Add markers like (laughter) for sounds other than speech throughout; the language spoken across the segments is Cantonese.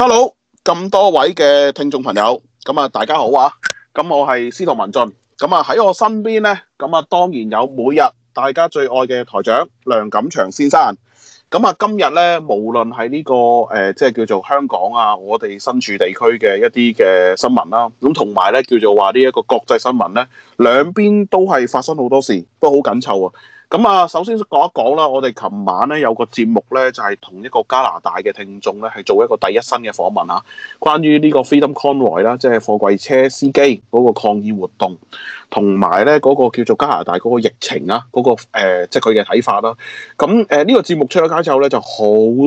hello，咁多位嘅聽眾朋友，咁啊大家好啊。咁我係司徒文進，咁啊喺我身邊呢，咁啊當然有每日大家最愛嘅台長梁錦祥先生。咁啊今日呢，無論係呢個誒、呃，即係叫做香港啊，我哋身處地區嘅一啲嘅新聞啦，咁同埋呢，叫做話呢一個國際新聞呢，兩邊都係發生好多事，都好緊湊啊。咁啊，首先講一講啦，我哋琴晚咧有個節目咧，就係同一個加拿大嘅聽眾咧，係做一個第一身嘅訪問啊，關於呢個 Freedom Convoy 啦，即係貨櫃車司機嗰個抗議活動，同埋咧嗰個叫做加拿大嗰個疫情啊，嗰、那個、呃、即係佢嘅睇法啦。咁誒呢個節目出咗街之後咧，就好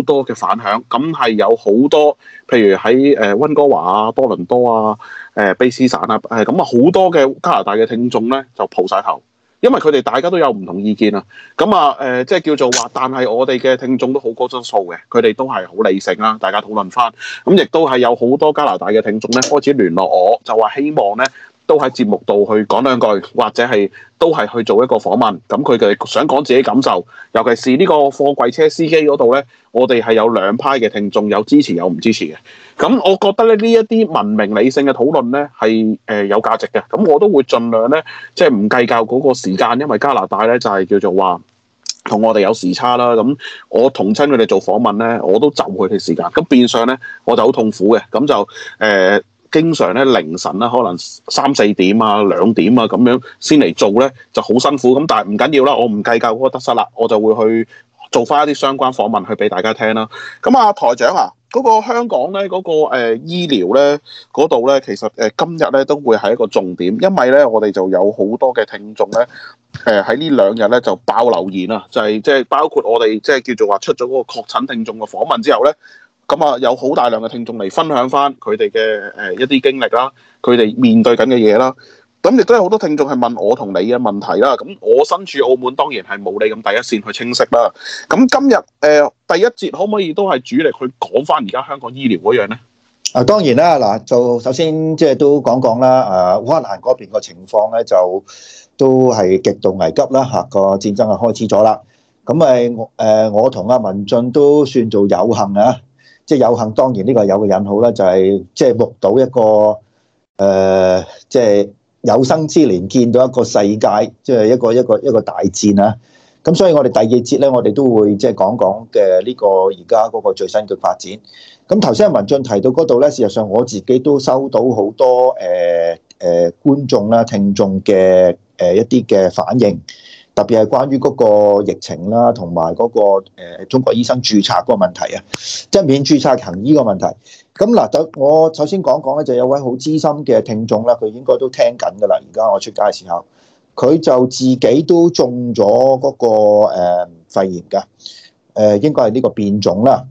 多嘅反響，咁係有好多，譬如喺誒溫哥華啊、多倫多啊、誒、呃、卑詩省啊，誒咁啊好多嘅加拿大嘅聽眾咧就蒲晒頭。因為佢哋大家都有唔同意見啊，咁啊誒，即係叫做話，但係我哋嘅聽眾都好高質素嘅，佢哋都係好理性啦，大家討論翻，咁亦都係有好多加拿大嘅聽眾咧開始聯絡我，就話希望咧。都喺節目度去講兩句，或者係都係去做一個訪問。咁佢哋想講自己感受，尤其是呢個貨櫃車司機嗰度呢，我哋係有兩派嘅聽眾，有支持，有唔支持嘅。咁我覺得咧，呢一啲文明理性嘅討論呢係誒、呃、有價值嘅。咁我都會盡量呢，即係唔計較嗰個時間，因為加拿大呢就係、是、叫做話同我哋有時差啦。咁我同親佢哋做訪問呢，我都就佢哋時間。咁變相呢，我就好痛苦嘅。咁就誒。呃經常咧凌晨啦，可能三四點啊、兩點啊咁樣先嚟做咧，就好辛苦。咁但係唔緊要啦，我唔計較嗰個得失啦，我就會去做翻一啲相關訪問去俾大家聽啦。咁啊台長啊，嗰、嗰個香港咧嗰、嗰個誒、呃、醫療咧嗰度咧，其實誒、呃、今日咧都會係一個重點，因為咧我哋就有好多嘅聽眾咧誒喺呢兩日咧就爆留言啦，就係即係包括我哋即係叫做話出咗嗰個確診聽眾嘅訪問之後咧。咁啊，有好大量嘅聽眾嚟分享翻佢哋嘅誒一啲經歷啦，佢哋面對緊嘅嘢啦。咁亦都有好多聽眾係問我同你嘅問題啦。咁我身處澳門，當然係冇你咁第一線去清晰啦。咁今日誒、呃、第一節，可唔可以都係主力去講翻而家香港醫療嗰樣咧？啊，當然啦，嗱就首先即係都講講啦。誒、啊，烏克蘭嗰邊個情況咧，就都係極度危急啦。嚇，個戰爭啊開始咗啦。咁咪誒我同阿文進都算做有幸啊～即係有幸，當然呢個有個引號啦，就係即係目睹一個誒，即、呃、係、就是、有生之年見到一個世界，即、就、係、是、一個一個一個大戰啦。咁所以，我哋第二節咧，我哋都會即係講講嘅呢個而家嗰個最新嘅發展。咁頭先文進提到嗰度咧，事實上我自己都收到好多誒誒、呃呃、觀眾啦、聽眾嘅誒、呃、一啲嘅反應。特別係關於嗰個疫情啦，同埋嗰個中國醫生註冊嗰個問題，即免註冊行醫個問題。咁嗱，就我首先講講咧，就有位好資深嘅聽眾啦，佢應該都聽緊㗎啦。而家我出街嘅時候，佢就自己都中咗嗰個肺炎㗎，誒應該係呢個變種啦。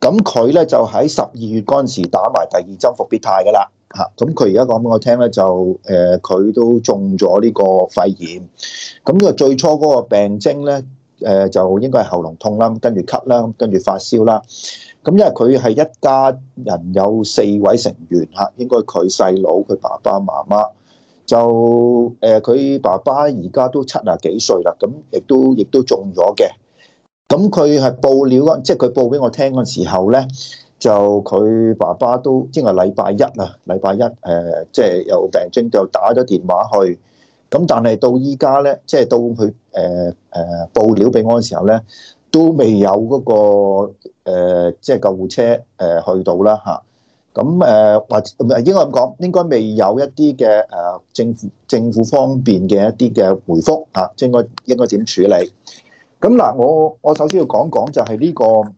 咁佢咧就喺十二月嗰陣時打埋第二針復必泰㗎啦。嚇！咁佢而家講俾我聽咧，就誒佢都中咗呢個肺炎。咁呢個最初嗰個病徵咧，誒就應該係喉嚨痛啦，跟住咳啦，跟住發燒啦。咁因為佢係一家人有四位成員嚇，應該佢細佬、佢爸爸媽媽就誒佢爸爸而家都七廿幾歲啦，咁亦都亦都中咗嘅。咁佢係報料嗰，即係佢報俾我聽嘅時候咧。就佢爸爸都，即係禮拜一啊，禮拜一誒，即係有病徵就打咗電話去。咁但係到依家咧，即係到佢誒誒報料畀我嘅時候咧，都未有嗰個誒，即係救護車誒去到啦吓，咁誒或唔應該咁講，應該未有一啲嘅誒政府政府方面嘅一啲嘅回覆嚇，應該應該點處理？咁嗱，我我首先要講講就係呢個。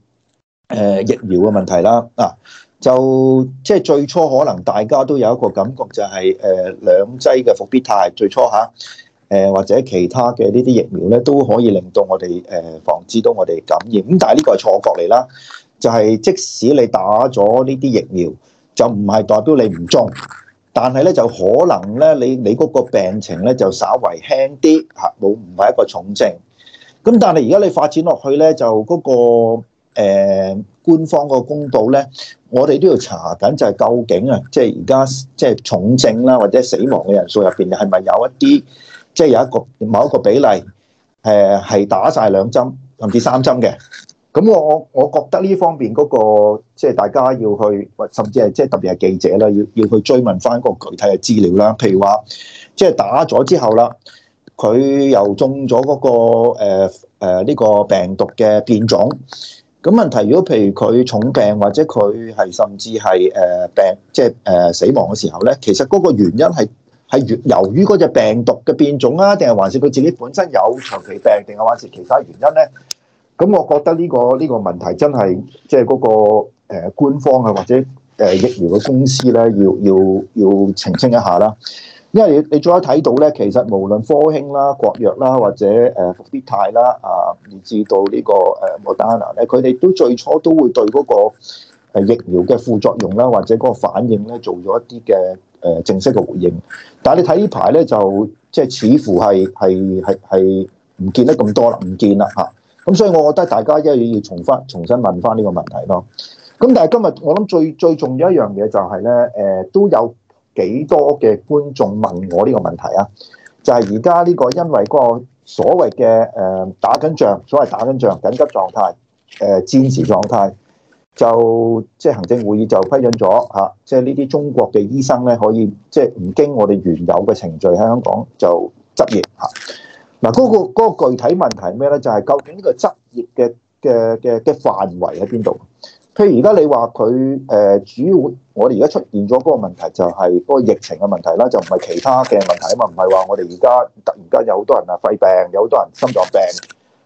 誒，疫苗嘅問題啦，嗱、啊，就即係最初可能大家都有一個感覺，就是，就係誒兩劑嘅復必泰，最初吓，誒、啊呃、或者其他嘅呢啲疫苗咧，都可以令到我哋誒、呃、防止到我哋感染。咁但係呢個係錯覺嚟啦，就係、是、即使你打咗呢啲疫苗，就唔係代表你唔中，但係咧就可能咧你你嗰個病情咧就稍為輕啲吓，冇唔係一個重症。咁但係而家你發展落去咧，就嗰、那個。誒、呃、官方個公道咧，我哋都要查緊，就係究竟啊，即係而家即係重症啦，或者死亡嘅人數入邊，係咪有一啲即係有一個某一個比例誒係、呃、打晒兩針甚至三針嘅？咁我我我覺得呢方面嗰、那個即係、就是、大家要去，甚至係即係特別係記者啦，要要去追問翻嗰個具體嘅資料啦。譬如話，即、就、係、是、打咗之後啦，佢又中咗嗰、那個誒呢、呃呃這個病毒嘅變種。咁問題，如果譬如佢重病，或者佢係甚至係誒病，即係誒死亡嘅時候咧，其實嗰個原因係係由於嗰隻病毒嘅變種啊，定係還是佢自己本身有長期病，定係還是其他原因咧？咁我覺得呢個呢個問題真係即係嗰個誒官方啊，或者誒疫苗嘅公司咧，要要要澄清一下啦。因為你你再一睇到咧，其實無論科興啦、國藥啦，或者誒復必泰啦，啊，甚至到呢個誒莫丹娜咧，佢哋都最初都會對嗰個疫苗嘅副作用啦，或者嗰個反應咧，做咗一啲嘅誒正式嘅回應。但係你睇呢排咧，就即係、就是、似乎係係係係唔見得咁多啦，唔見啦嚇。咁、啊、所以我覺得大家一係要重翻、重新問翻呢個問題咯。咁但係今日我諗最最重要一樣嘢就係、是、咧，誒、呃、都有。幾多嘅觀眾問我呢個問題啊？就係而家呢個因為嗰個所謂嘅誒打緊仗，所謂打緊仗緊急狀態，誒、呃、戰時狀態，就即係、就是、行政會議就批准咗嚇，即係呢啲中國嘅醫生咧，可以即係唔經我哋原有嘅程序喺香港就執業嚇。嗱、啊，嗰、那個嗰、那個具體問題係咩咧？就係、是、究竟呢個執業嘅嘅嘅嘅範圍喺邊度？譬如而家你話佢誒主要，我哋而家出現咗嗰個問題就係嗰個疫情嘅問題啦，就唔係其他嘅問題啊嘛，唔係話我哋而家突然間有好多人啊肺病，有好多人心臟病，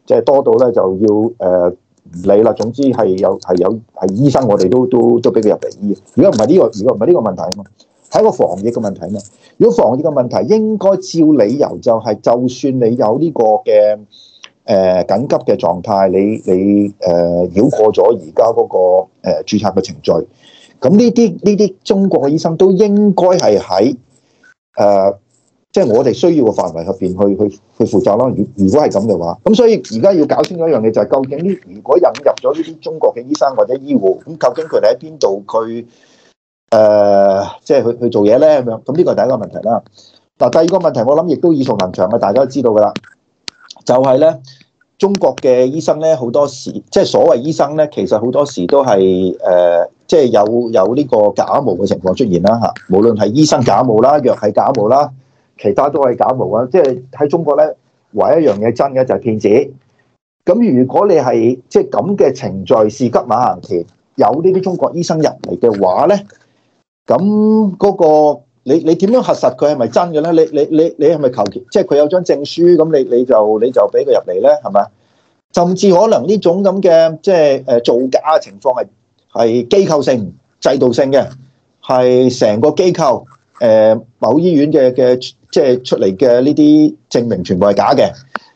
即係多到咧就要誒唔理啦。總之係有係有係醫生，我哋都都都俾佢入嚟醫。如果唔係呢個，如果唔係呢個問題啊嘛，係一個防疫嘅問題啊嘛。如果防疫嘅問題，應該照理由就係，就算你有呢個嘅。誒緊急嘅狀態，你你誒、呃、繞過咗而家嗰個誒註冊嘅程序，咁呢啲呢啲中國嘅醫生都應該係喺誒，即、呃、係、就是、我哋需要嘅範圍入邊去去去，去負責啦。如如果係咁嘅話，咁所以而家要搞清楚一樣嘢，就係究竟呢？如果引入咗呢啲中國嘅醫生或者醫護，咁究竟佢哋喺邊度？去，誒即係去去做嘢咧咁樣，咁呢個係第一個問題啦。嗱、啊，第二個問題我諗亦都耳熟能詳嘅，大家都知道㗎啦。就係咧，中國嘅醫生咧好多時，即係所謂醫生咧，其實好多時都係誒、呃，即係有有呢個假冒嘅情況出現啦嚇。無論係醫生假冒啦，藥係假冒啦，其他都係假冒啊！即係喺中國咧，唯一一樣嘢真嘅就係、是、騙子。咁如果你係即係咁嘅程序，事急馬行田，有呢啲中國醫生入嚟嘅話咧，咁嗰、那個。你你點樣核實佢係咪真嘅咧？你你你你係咪求其？即係佢有張證書，咁你你就你就俾佢入嚟咧，係咪啊？甚至可能呢種咁嘅即係誒造假嘅情況係係機構性、制度性嘅，係成個機構誒、呃、某醫院嘅嘅即係出嚟嘅呢啲證明全部係假嘅，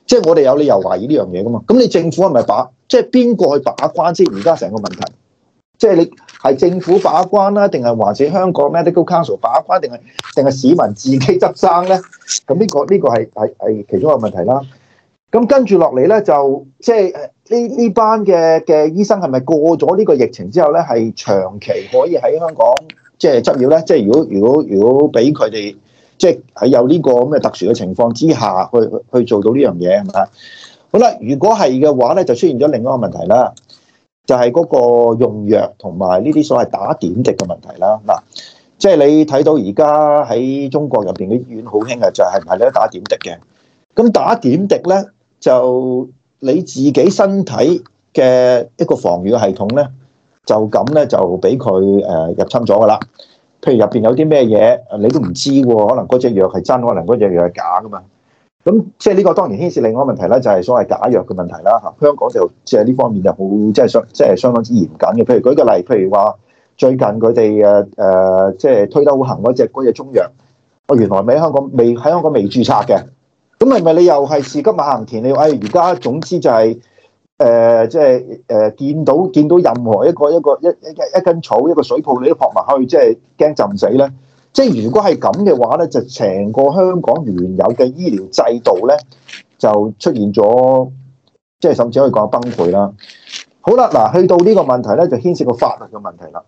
即係我哋有理由懷疑呢樣嘢㗎嘛？咁你政府係咪把即係邊個去把關先？而家成個問題。即係你係政府把關啦，定係還是香港 Medical Council 把關，定係定係市民自己執生咧？咁呢個呢個係係係其中一個問題啦。咁跟住落嚟咧，就即係呢呢班嘅嘅醫生係咪過咗呢個疫情之後咧，係長期可以喺香港即係執業咧？即係如果如果如果俾佢哋即係喺有呢個咁嘅特殊嘅情況之下去去做到呢樣嘢係咪啊？好啦，如果係嘅話咧，就出現咗另一個問題啦。就係嗰個用藥同埋呢啲所謂打點滴嘅問題啦。嗱，即係你睇到而家喺中國入邊嘅醫院好興嘅就係唔係你都打點滴嘅。咁打點滴咧，就你自己身體嘅一個防禦系統咧，就咁咧就俾佢誒入侵咗㗎啦。譬如入邊有啲咩嘢，你都唔知喎。可能嗰隻藥係真，可能嗰隻藥係假㗎嘛。咁即係呢個當然牽涉另外一個問題咧，就係所謂假藥嘅問題啦吓。香港就即係呢方面就好，即係相即係相當之嚴謹嘅。譬如舉個例，譬如話最近佢哋誒誒，即係推得好行嗰隻嗰隻中藥，我原來未喺香港未喺香港未註冊嘅，咁係咪你又係事急馬行田？你話而家總之就係誒即係誒見到見到任何一個一個一一一根草一個水泡，你都撲埋去，即係驚浸死咧？即係如果係咁嘅話咧，就成個香港原有嘅醫療制度咧，就出現咗即係甚至可以講崩潰啦。好啦，嗱去到呢個問題咧，就牽涉個法律嘅問題啦。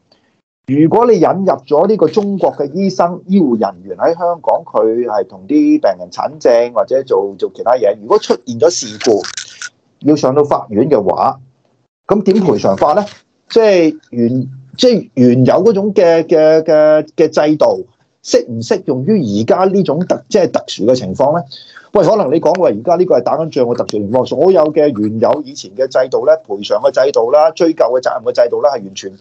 如果你引入咗呢個中國嘅醫生醫護人員喺香港，佢係同啲病人診症或者做做其他嘢，如果出現咗事故，要上到法院嘅話，咁點賠償法咧？即係原。即係原有嗰種嘅嘅嘅嘅制度，適唔適用於而家呢種特即係特殊嘅情況咧？喂，可能你講話而家呢個係打緊仗嘅特殊情況，所有嘅原有以前嘅制度咧，賠償嘅制度啦、追究嘅責任嘅制度啦，係完全誒、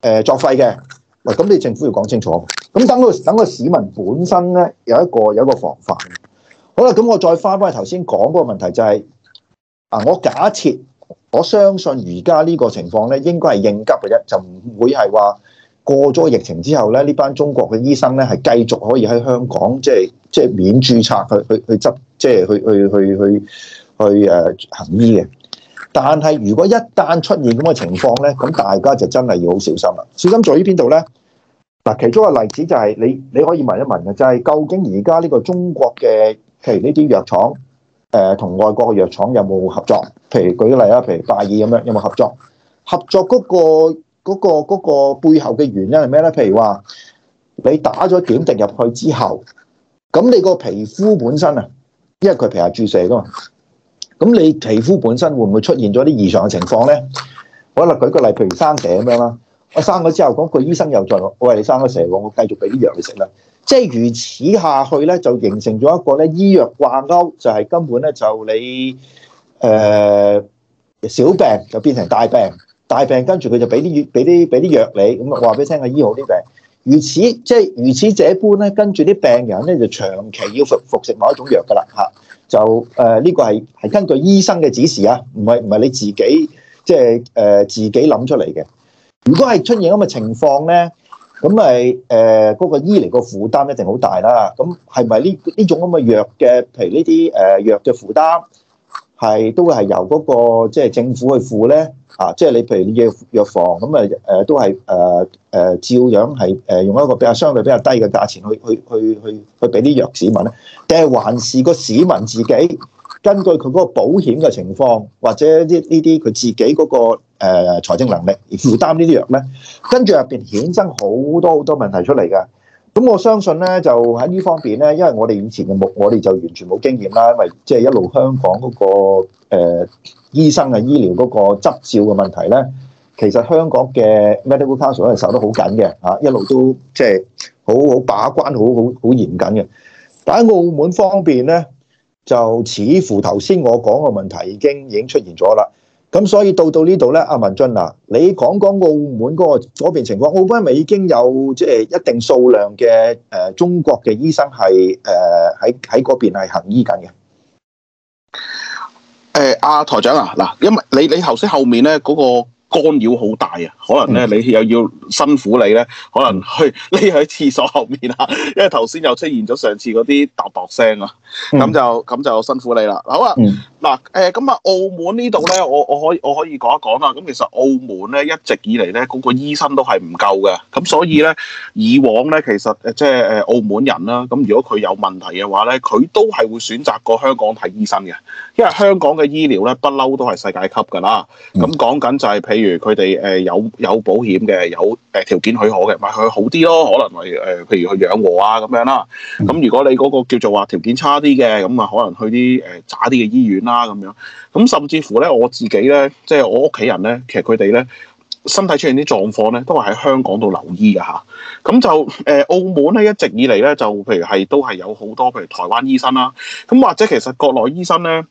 呃、作廢嘅。喂，咁你政府要講清楚，咁等個等個市民本身咧有一個有一個防範。好啦，咁我再翻翻去頭先講嗰個問題就係、是，啊，我假設。我相信而家呢個情況咧，應該係應急嘅啫，就唔會係話過咗疫情之後咧，呢班中國嘅醫生咧係繼續可以喺香港即係即係免註冊去去去執即係去去去去去誒行醫嘅。但係如果一旦出現咁嘅情況咧，咁大家就真係要好小心啦。小心在於邊度咧？嗱，其中嘅例子就係你你可以問一問嘅，就係究竟而家呢個中國嘅譬如呢啲藥廠。誒，同外國嘅藥廠有冇合作？譬如舉個例啊，譬如拜耳咁樣，有冇合作？合作嗰個、嗰個、嗰個背後嘅原因係咩咧？譬如話你打咗點滴入去之後，咁你個皮膚本身啊，因為佢皮下注射噶嘛，咁你皮膚本身會唔會出現咗啲異常嘅情況咧？我嗱舉個例，譬如生蛇咁樣啦，我生咗之後，嗰個醫生又再喂你生咗蛇，我我繼續俾啲藥你食啦。即係如此下去咧，就形成咗一個咧醫藥掛鈎，就係、是、根本咧就你誒、呃、小病就變成大病，大病跟住佢就俾啲俾啲俾啲藥你，咁啊話俾你聽啊醫好啲病。如此即係如此這般咧，跟住啲病人咧就長期要服服食某一種藥噶啦嚇，就誒呢、呃這個係係根據醫生嘅指示啊，唔係唔係你自己即係誒自己諗出嚟嘅。如果係出現咁嘅情況咧？咁咪誒嗰個醫療個負擔一定好大啦。咁係咪呢呢種咁嘅藥嘅，譬如呢啲誒藥嘅負擔係都會係由嗰、那個即係、就是、政府去付咧？啊，即係你譬如你藥藥房咁啊誒，都係誒誒照樣係誒、呃、用一個比較相對比較低嘅價錢去去去去去俾啲藥市民咧？定係還是個市民自己？根據佢嗰個保險嘅情況，或者呢呢啲佢自己嗰、那個誒、呃、財政能力而負擔呢啲藥咧，跟住入邊衍生好多好多、多問題出嚟㗎。咁我相信咧，就喺呢方面咧，因為我哋以前嘅目，我哋就完全冇經驗啦，因為即係一路香港嗰、那個誒、呃、醫生呀醫療嗰個執照嘅問題咧，其實香港嘅 medical council 都係守得好緊嘅，嚇一路都即係好好把關，好好好嚴謹嘅。但喺澳門方面咧？就似乎頭先我講嘅問題已經已經出現咗啦。咁所以到到呢度咧，阿文進啊，你講講澳門嗰、嗰個嗰邊情況。澳門係咪已經有即係一定數量嘅誒中國嘅醫生係誒喺喺嗰邊係行醫緊嘅？誒、呃，阿台長啊，嗱，因為你你頭先後面咧、嗰、嗰個。干擾好大啊！可能咧你又要辛苦你咧，可能去匿喺廁所後面啊！因為頭先又出現咗上次嗰啲搭駁聲啊，咁就咁就辛苦你啦。好啊，嗱誒、嗯，咁啊、呃呃呃，澳門呢度咧，我我可以我可以講一講啊。咁、嗯、其實澳門咧一直以嚟咧嗰個醫生都係唔夠嘅，咁、嗯、所以咧以往咧其實誒即係誒澳門人啦、啊，咁如果佢有問題嘅話咧，佢都係會選擇過香港睇醫生嘅，因為香港嘅醫療咧不嬲都係世界級㗎啦。咁講緊就係譬如。嗯譬如佢哋誒有有保險嘅，有誒條件許可嘅，咪佢好啲咯。可能例如誒，譬如去養和啊咁樣啦。咁如果你嗰個叫做話條件差啲嘅，咁啊可能去啲誒渣啲嘅醫院啦咁樣。咁甚至乎咧，我自己咧，即係我屋企人咧，其實佢哋咧身體出現啲狀況咧，都係喺香港度留醫㗎吓。咁就誒澳門咧一直以嚟咧，就譬如係都係有好多譬如台灣醫生啦，咁或者其實國內醫生咧。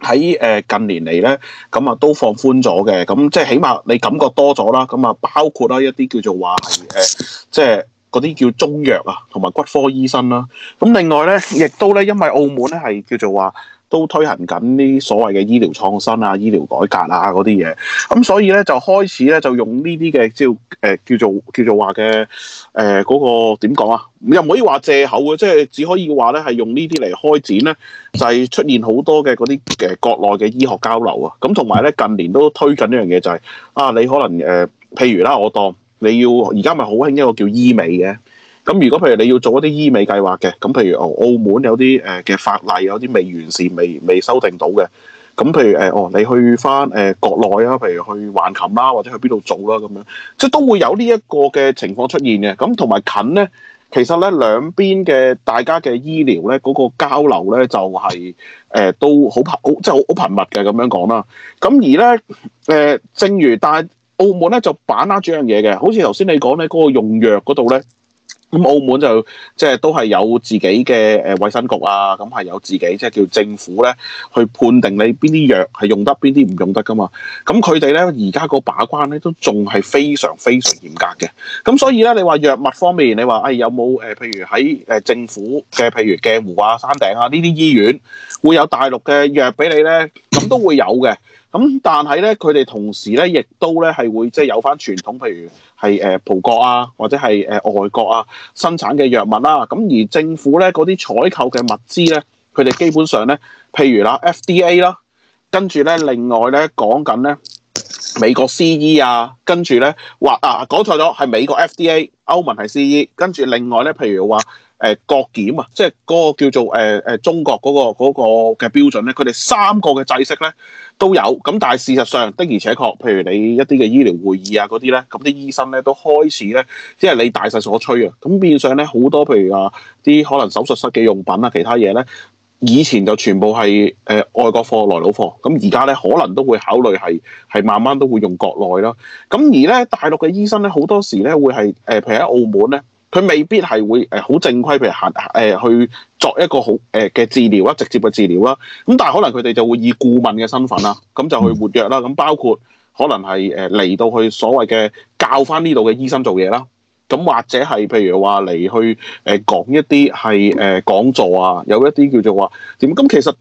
喺誒近年嚟，咧，咁啊都放寬咗嘅，咁即係起碼你感覺多咗啦。咁啊，包括啦一啲叫做話係誒，即係嗰啲叫中藥啊，同埋骨科醫生啦。咁另外咧，亦都咧，因為澳門咧係叫做話。都推行緊啲所謂嘅醫療創新啊、醫療改革啊嗰啲嘢，咁、嗯、所以咧就開始咧就用呢啲嘅叫誒叫做叫做話嘅誒嗰個點講啊，又唔可以話借口嘅，即係只可以話咧係用呢啲嚟開展咧，就係、是、出現好多嘅嗰啲嘅國內嘅醫學交流啊，咁同埋咧近年都推緊一樣嘢就係、是、啊，你可能誒、呃、譬如啦，我當你要而家咪好興一個叫醫美嘅。咁如果譬如你要做一啲醫美計劃嘅，咁譬如、哦、澳門有啲誒嘅法例有啲未完善、未未修訂到嘅，咁譬如誒、呃、哦，你去返誒、呃、國內啊，譬如去橫琴啦，或者去邊度做啦，咁樣，即係都會有呢一個嘅情況出現嘅。咁同埋近咧，其實咧兩邊嘅大家嘅醫療咧嗰個交流咧就係、是、誒、呃、都好頻，即係好頻密嘅。咁樣講啦，咁而咧誒、呃，正如但係澳門咧就把握住一樣嘢嘅，好似頭先你講咧嗰個用藥嗰度咧。那個咁澳門就即係都係有自己嘅誒、呃、衛生局啊，咁係有自己即係叫政府咧去判定你邊啲藥係用得，邊啲唔用得㗎嘛。咁佢哋咧而家個把關咧都仲係非常非常嚴格嘅。咁、嗯、所以咧，你話藥物方面，你話誒、哎、有冇誒、呃、譬如喺誒政府嘅譬如鏡湖啊、山頂啊呢啲醫院會有大陸嘅藥俾你咧，咁都會有嘅。咁但係咧，佢哋同時咧，亦都咧係會即係有翻傳統，譬如係誒、呃、葡國啊，或者係誒、呃、外國啊生產嘅藥物啦、啊。咁而政府咧嗰啲採購嘅物資咧，佢哋基本上咧，譬如啦 FDA 啦，跟住咧另外咧講緊咧美國 CE 啊，跟住咧話啊講錯咗係美國 FDA，歐盟係 CE，跟住另外咧譬如話。誒國檢啊，即係嗰個叫做誒誒、呃、中國嗰、那個嘅、那個、標準咧，佢哋三個嘅制式咧都有。咁但係事實上的而且確，譬如你一啲嘅醫療會議啊嗰啲咧，咁啲醫生咧都開始咧，即、就、係、是、你大勢所趨啊。咁變相咧好多譬如話啲可能手術室嘅用品啊，其他嘢咧，以前就全部係誒外國貨來佬貨，咁而家咧可能都會考慮係係慢慢都會用國內咯。咁而咧大陸嘅醫生咧，好多時咧會係誒譬如喺澳門咧。佢未必係會誒好正規，譬如行誒去作一個好誒嘅治療啦，直接嘅治療啦。咁但係可能佢哋就會以顧問嘅身份啦，咁就去活躍啦。咁包括可能係誒嚟到去所謂嘅教翻呢度嘅醫生做嘢啦。咁或者係譬如話嚟去誒講一啲係誒講座啊，有一啲叫做話點。咁其實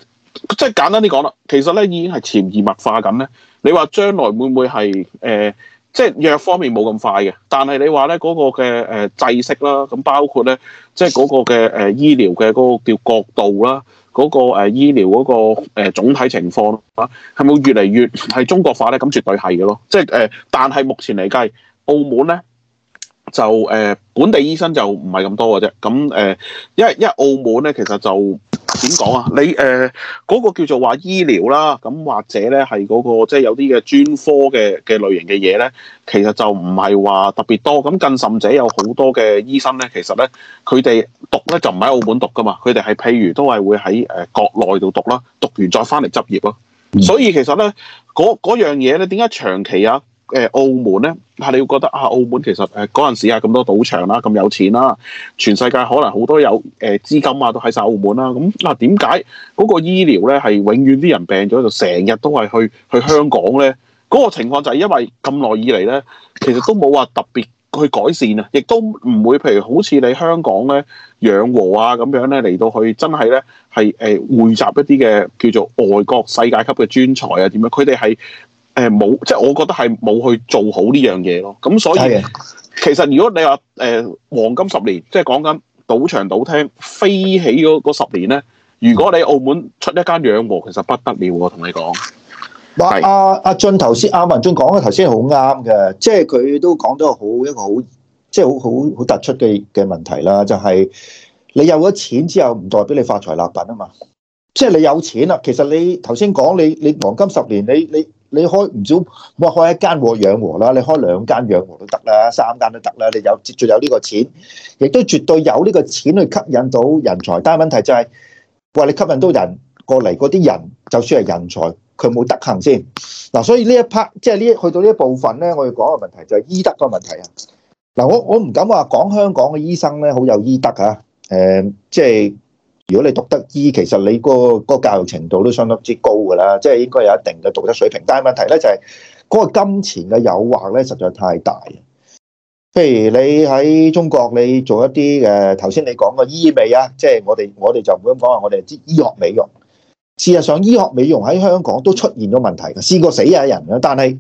即係簡單啲講啦，其實咧已經係潛移默化咁咧。你話將來會唔會係誒？呃即係藥方面冇咁快嘅，但係你話咧嗰個嘅誒、呃、制式啦，咁包括咧即係嗰個嘅誒、呃、醫療嘅嗰個叫角度啦，嗰、嗰個誒、呃、醫療嗰、嗰個誒、呃、總體情況咯，係咪越嚟越係中國化咧？咁絕對係嘅咯，即係誒、呃，但係目前嚟計，澳門咧就誒、呃、本地醫生就唔係咁多嘅啫，咁誒、呃，因為因為澳門咧其實就。點講啊？你誒嗰個叫做話醫療啦，咁或者咧係嗰個即係有啲嘅專科嘅嘅類型嘅嘢咧，其實就唔係話特別多。咁更甚者有好多嘅醫生咧，其實咧佢哋讀咧就唔喺澳門讀噶嘛，佢哋係譬如都係會喺誒國內度讀啦，讀完再翻嚟執業咯。所以其實咧，嗰樣嘢咧，點解長期啊？澳門呢，嗱你要覺得啊，澳門其實誒嗰陣時啊，咁多賭場啦、啊，咁有錢啦、啊，全世界可能好多有誒、呃、資金啊，都喺晒澳門啦、啊。咁嗱點解嗰個醫療呢係永遠啲人病咗就成日都係去去香港呢？嗰、嗰個情況就係因為咁耐以嚟呢，其實都冇話特別去改善啊，亦都唔會譬如好似你香港呢，養和啊咁樣呢，嚟到去真係呢，係誒、呃、匯集一啲嘅叫做外國世界級嘅專才啊點樣？佢哋係。誒冇，即係我覺得係冇去做好呢樣嘢咯。咁所以是的 其實如果你話誒、呃、黃金十年，即係講緊賭場賭廳飛起嗰十年咧，如果你澳門出一間養和，其實不得了，我同你講，嗱是的、啊，阿阿進頭先阿文俊講嘅頭先好啱嘅，即係佢都講咗好一個好即係好好好突出嘅嘅問題啦，就係、是、你有咗錢之後唔代表你發財立品啊嘛。即係你有錢啦，其實你頭先講你你，你黃金十年你你。你你你你你你你開唔少，我開一間和養和啦，你開兩間養和都得啦，三間都得啦。你有，絕對有呢個錢，亦都絕對有呢個錢去吸引到人才。但係問題就係、是，話你吸引到人過嚟，嗰啲人就算係人才，佢冇德行先嗱、啊。所以呢一 part，即係呢去到呢一部分咧，我要講嘅問題就係醫德個問題啊。嗱，我我唔敢話講香港嘅醫生咧好有醫德啊，誒、嗯，即、就、係、是。如果你讀得醫，其實你個個教育程度都相當之高噶啦，即係應該有一定嘅道德水平。但係問題咧就係嗰個金錢嘅誘惑咧實在太大。譬如你喺中國，你做一啲誒，頭先你講個醫美啊，即係我哋我哋就唔會咁講話，我哋係醫學美容。事實上，醫學美容喺香港都出現咗問題，試過死啊人啊。但係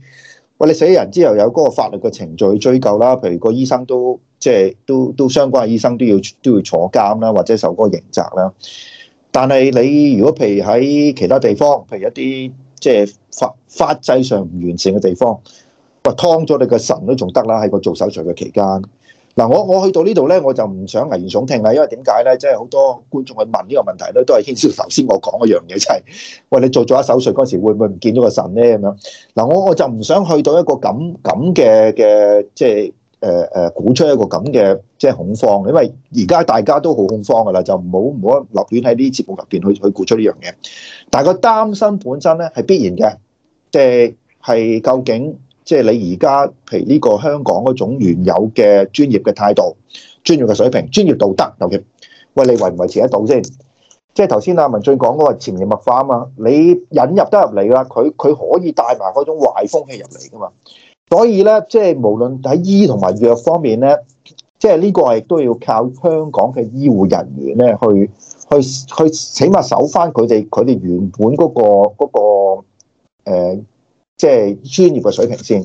喂，你死人之後有嗰個法律嘅程序追究啦，譬如個醫生都。即係都都相關嘅醫生都要都要坐監啦，或者受嗰個刑責啦。但係你如果譬如喺其他地方，譬如一啲即係法法制上唔完善嘅地方，喂，劏咗你個腎都仲得啦。喺個做手術嘅期間，嗱，我我去到呢度咧，我就唔想危言聳聽啦。因為點解咧？即係好多觀眾去問呢個問題咧，都係牽涉頭先我講嗰樣嘢，就係喂，你做咗一手術嗰時，會唔會唔見咗個腎咧？咁樣嗱，我我就唔想去到一個咁咁嘅嘅即係。誒誒，鼓、呃、出一個咁嘅即係恐慌，因為而家大家都好恐慌噶啦，就唔好唔好立亂喺呢啲節目入邊去去鼓出呢樣嘢。但係個擔心本身咧係必然嘅，即係係究竟即係、就是、你而家譬如呢個香港嗰種原有嘅專業嘅態度、專業嘅水平、專業道德，尤其喂你維唔維持得到先？即係頭先阿文進講嗰個潛移默化啊嘛，你引入得入嚟啦，佢佢可以帶埋嗰種壞風氣入嚟噶嘛。所以咧，即係無論喺醫同埋藥方面咧，即係呢個係都要靠香港嘅醫護人員咧，去去去，起碼守翻佢哋佢哋原本嗰個嗰個誒，即係專業嘅水平先。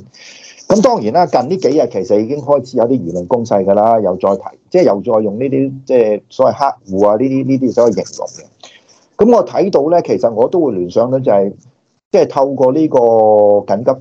咁當然啦，近呢幾日其實已經開始有啲輿論攻勢㗎啦，又再提，即係又再用呢啲即係所謂黑戶啊呢啲呢啲所謂形容嘅。咁我睇到咧，其實我都會聯想到就係，即係透過呢個緊急。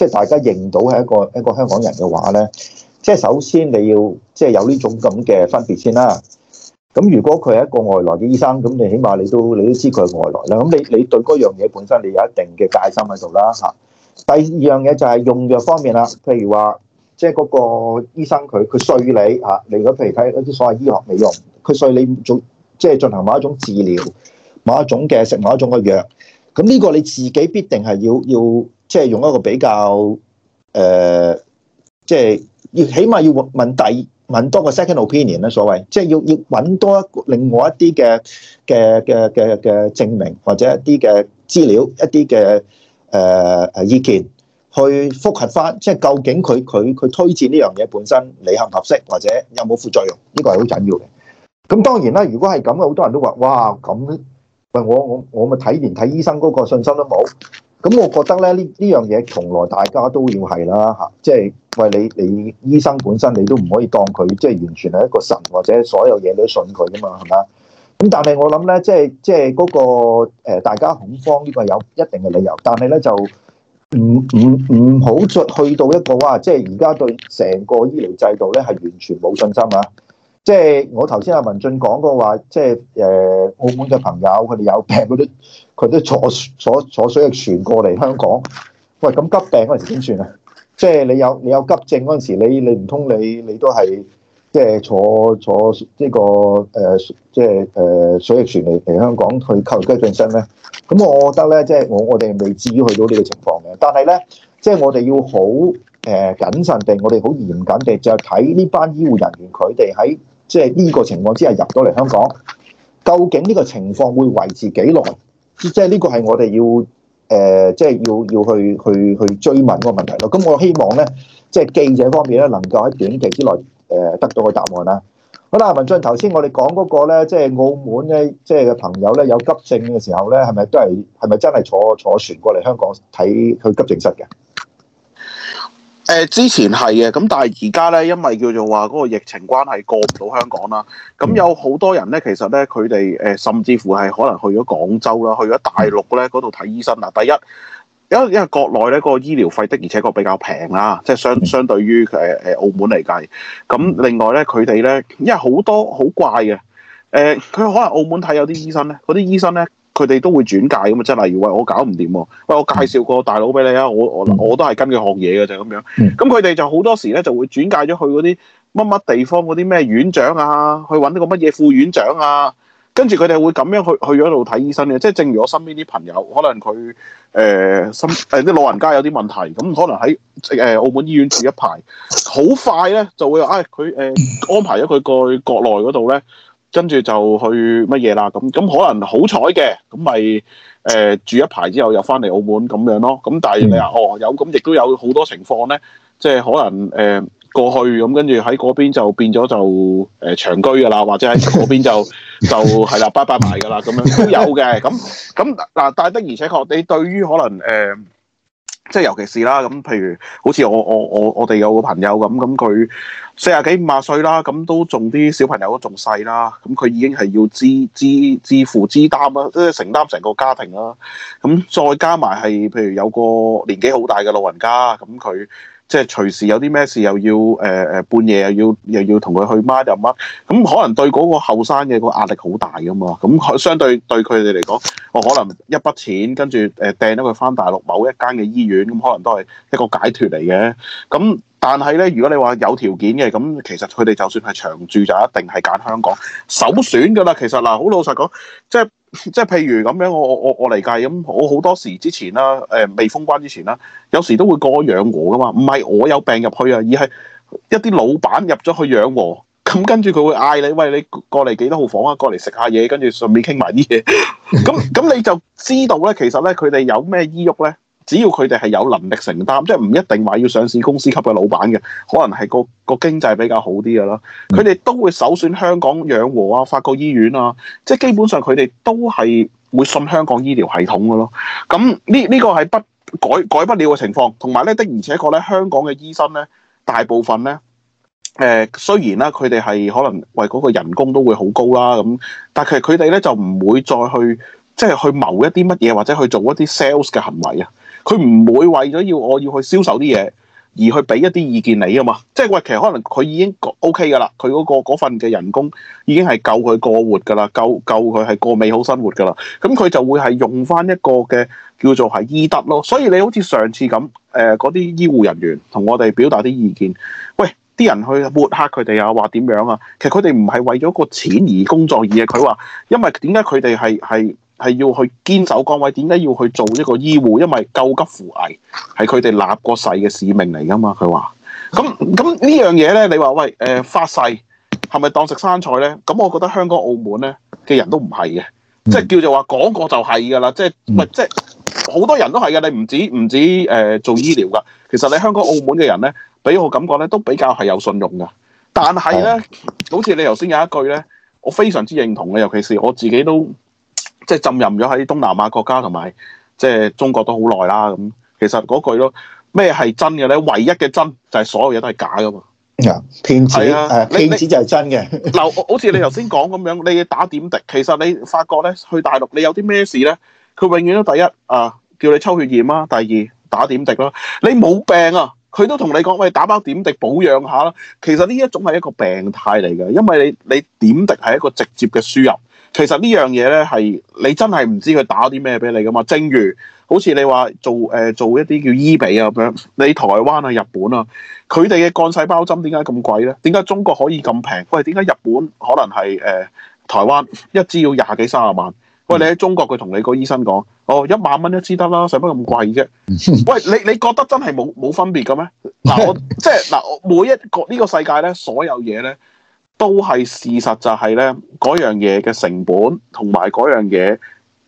即係大家認到係一個一個香港人嘅話咧，即係首先你要即係、就是、有呢種咁嘅分別先啦。咁如果佢係一個外來嘅醫生，咁你起碼你都你都知佢係外來嗱。咁你你對嗰樣嘢本身你有一定嘅戒心喺度啦嚇。第二樣嘢就係用藥方面啦，譬如話即係嗰個醫生佢佢碎你嚇，你如果譬如睇嗰啲所謂醫學美容，佢碎你做即係進行某一種治療，某一種嘅食某一種嘅藥，咁呢個你自己必定係要要。要即係用一個比較誒、呃，即係要起碼要問問第二問多個 second opinion 啦，所謂即係要要揾多一個另外一啲嘅嘅嘅嘅嘅證明或者一啲嘅資料，一啲嘅誒誒意見去複核翻，即係究竟佢佢佢推薦呢樣嘢本身合唔合適，或者有冇副作用？呢、這個係好緊要嘅。咁當然啦，如果係咁好多人都話：哇，咁喂我我我咪睇連睇醫生嗰個信心都冇。咁我覺得咧，呢呢樣嘢從來大家都要係啦嚇，即係餵你你醫生本身你都唔可以當佢即係完全係一個神或者所有嘢你都信佢噶嘛，係咪啊？咁但係我諗咧，即係即係嗰個大家恐慌呢個有一定嘅理由，但係咧就唔唔唔好去去到一個哇，即係而家對成個醫療制度咧係完全冇信心啊！即係我頭先阿文進講過話，即係誒澳門嘅朋友佢哋有病嗰啲。佢都坐坐坐水嘅船過嚟香港。喂，咁急病嗰陣時點算啊？即係你有你有急症嗰陣時，你你唔通你你都係即係坐坐呢個誒，即係誒水嘅船嚟嚟香港去求醫救緊身咧？咁我覺得咧，即係我我哋未至於去到呢個情況嘅。但係咧，即係我哋要好誒謹慎地，我哋好嚴謹地就睇呢班醫護人員佢哋喺即係呢個情況之下入到嚟香港，究竟呢個情況會維持幾耐？即係呢個係我哋要誒、呃，即係要要去去去追問個問題咯。咁我希望咧，即係記者方面咧，能夠喺短期之內誒得到個答案啦。好啦，文進頭先我哋講嗰個咧，即係澳門咧，即係嘅朋友咧有急症嘅時候咧，係咪都係係咪真係坐坐船過嚟香港睇去急症室嘅？誒之前係嘅，咁但係而家咧，因為叫做話嗰個疫情關係過唔到香港啦，咁有好多人咧，其實咧佢哋誒甚至乎係可能去咗廣州啦，去咗大陸咧嗰度睇醫生啦。第一，因為因為國內咧嗰個醫療費的，而且確比較平啦，即係相相對於誒誒、呃、澳門嚟計。咁另外咧，佢哋咧，因為好多好怪嘅誒，佢、呃、可能澳門睇有啲醫生咧，嗰啲醫生咧。佢哋都會轉介咁嘛，即係例如喂，我搞唔掂喎，喂，我介紹個大佬俾你啊！我我我都係跟佢學嘢嘅就咁、是、樣。咁佢哋就好多時咧就會轉介咗去嗰啲乜乜地方嗰啲咩院長啊，去揾呢個乜嘢副院長啊。跟住佢哋會咁樣去去度睇醫生嘅。即係正如我身邊啲朋友，可能佢誒心誒啲老人家有啲問題，咁可能喺誒、呃、澳門醫院住一排，好快咧就會話：唉、哎，佢誒、呃、安排咗佢過去國內嗰度咧。跟住就去乜嘢啦？咁咁可能好彩嘅，咁咪誒住一排之後又翻嚟澳門咁樣咯。咁但係你話哦，有咁亦都有好多情況咧，即係可能誒、呃、過去咁，跟住喺嗰邊就變咗就誒、呃、長居㗎啦，或者喺嗰邊就 (laughs) 就係啦、啊、拜拜埋㗎啦，咁樣都有嘅。咁咁嗱，但係的而且確，你對於可能誒。呃即係尤其是啦，咁譬如好似我我我我哋有個朋友咁，咁佢四十幾五十歲啦，咁都仲啲小朋友都仲細啦，咁佢已經係要支支支付支擔啦，即係承擔成個家庭啦。咁再加埋係，譬如有個年紀好大嘅老人家，咁佢。即係隨時有啲咩事又要誒誒、呃、半夜又要又要同佢去孖又孖，咁可能對嗰個後生嘅個壓力好大噶嘛。咁相對對佢哋嚟講，我可能一筆錢跟住誒掟咗佢翻大陸某一間嘅醫院，咁可能都係一個解脫嚟嘅。咁但係咧，如果你話有條件嘅，咁其實佢哋就算係長住就一定係揀香港首選噶啦。其實嗱，好、呃、老實講，即係。即係譬如咁樣，我我我理解咁，我好多時之前啦，誒、呃、未封關之前啦，有時都會過嚟養和噶嘛，唔係我有病入去啊，而係一啲老闆入咗去養和。咁跟住佢會嗌你，喂，你過嚟幾多號房啊，過嚟食下嘢，跟住順便傾埋啲嘢，咁咁 (laughs) 你就知道咧，其實咧佢哋有咩醫喐咧。只要佢哋係有能力承擔，即係唔一定話要上市公司級嘅老闆嘅，可能係個個經濟比較好啲嘅咯。佢哋都會首選香港養和啊、法國醫院啊，即係基本上佢哋都係會信香港醫療系統嘅咯。咁呢呢個係不改改不了嘅情況，同埋咧的而且確咧香港嘅醫生咧，大部分咧，誒、呃、雖然啦，佢哋係可能為嗰個人工都會好高啦咁，但係佢哋咧就唔會再去即係、就是、去謀一啲乜嘢或者去做一啲 sales 嘅行為啊。佢唔會為咗要我要去銷售啲嘢而去俾一啲意見你啊嘛，即係喂，其實可能佢已經 OK 噶啦，佢嗰、嗰個、份嘅人工已經係夠佢過活噶啦，夠夠佢係過美好生活噶啦，咁、嗯、佢就會係用翻一個嘅叫做係醫德咯。所以你好似上次咁誒，嗰、呃、啲醫護人員同我哋表達啲意見，喂，啲人去抹黑佢哋啊，話點樣啊？其實佢哋唔係為咗個錢而工作而嘅，佢話因為點解佢哋係係。係要去堅守崗位，點解要去做呢個醫護？因為救急扶危係佢哋立過世嘅使命嚟㗎嘛。佢話：咁咁呢樣嘢咧，你話喂誒、呃、發誓係咪當食生菜咧？咁我覺得香港澳門咧嘅人都唔係嘅，即係叫做話講過就係㗎啦。即係唔、嗯、即係好多人都係嘅。你唔止唔止誒、呃、做醫療㗎，其實你香港澳門嘅人咧，俾我感覺咧，都比較係有信用㗎。但係咧，嗯、好似你頭先有一句咧，我非常之認同嘅，尤其是我自己都。即係浸淫咗喺東南亞國家同埋即係中國都好耐啦，咁，其實嗰句咯，咩係真嘅咧？唯一嘅真就係所有嘢都係假嘅嘛。騙子啊，騙子誒，騙子就係真嘅。嗱， (laughs) 好似你頭先講咁樣，你打點滴，其實你發覺咧，去大陸你有啲咩事咧？佢永遠都第一啊，叫你抽血驗啊，第二打點滴啦。你冇病啊，佢都同你講喂，打包點滴保養下啦。其實呢一種係一個病態嚟嘅，因為你你點滴係一個直接嘅輸入。其實呢樣嘢咧，係你真係唔知佢打啲咩俾你噶嘛？正如好似你話做誒、呃、做一啲叫醫美啊咁樣，你台灣啊、日本啊，佢哋嘅幹細胞針點解咁貴咧？點解中國可以咁平？喂，點解日本可能係誒、呃、台灣一支要廿幾卅萬？喂，你喺中國佢同你個醫生講，哦，一萬蚊一支得啦，使乜咁貴啫？喂，你你覺得真係冇冇分別嘅咩？嗱，我即係嗱，我每一個呢、呢個世界咧，所有嘢咧。都係事實，就係呢嗰樣嘢嘅成本同埋嗰樣嘢，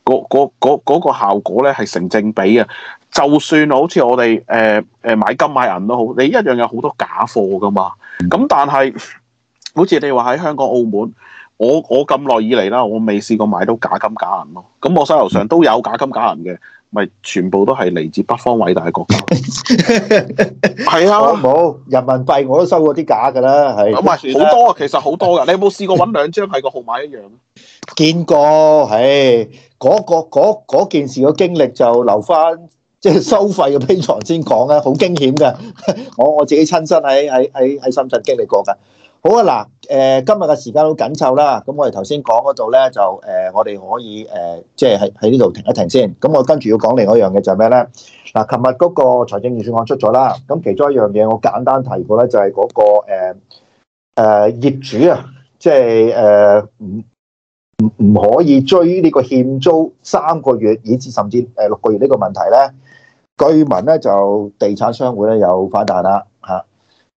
嗰、嗰個效果呢係成正比嘅。就算好似我哋誒誒買金買銀都好，你一樣有好多假貨噶嘛。咁但係好似你話喺香港澳門，我我咁耐以嚟啦，我未試過買到假金假銀咯。咁我手頭上都有假金假銀嘅。咪全部都係嚟自北方偉大嘅國家，係啊。冇人民幣我都收過啲假噶啦，係好多啊，其實好多噶,你有冇試過揾兩張係個號碼一樣？見過。唉嗰個嗰嗰件事嘅經歷就留翻即係收費嘅 Patreon 先講啦，好驚險嘅，我我自己親身喺喺喺喺深圳經歷過噶。好啊，嗱，誒，今日嘅時間好緊湊啦，咁我哋頭先講嗰度咧，就誒、呃，我哋可以誒、呃，即係喺喺呢度停一停先。咁、嗯、我跟住要講另一樣嘢，就係咩咧？嗱，琴日嗰個財政預算案出咗啦，咁其中一樣嘢我簡單提過咧，就係、是、嗰、那個誒誒、呃呃、業主啊，即係誒唔唔唔可以追呢個欠租三個月以至甚至誒六個月呢個問題咧，據聞咧就地產商會咧有反彈啦。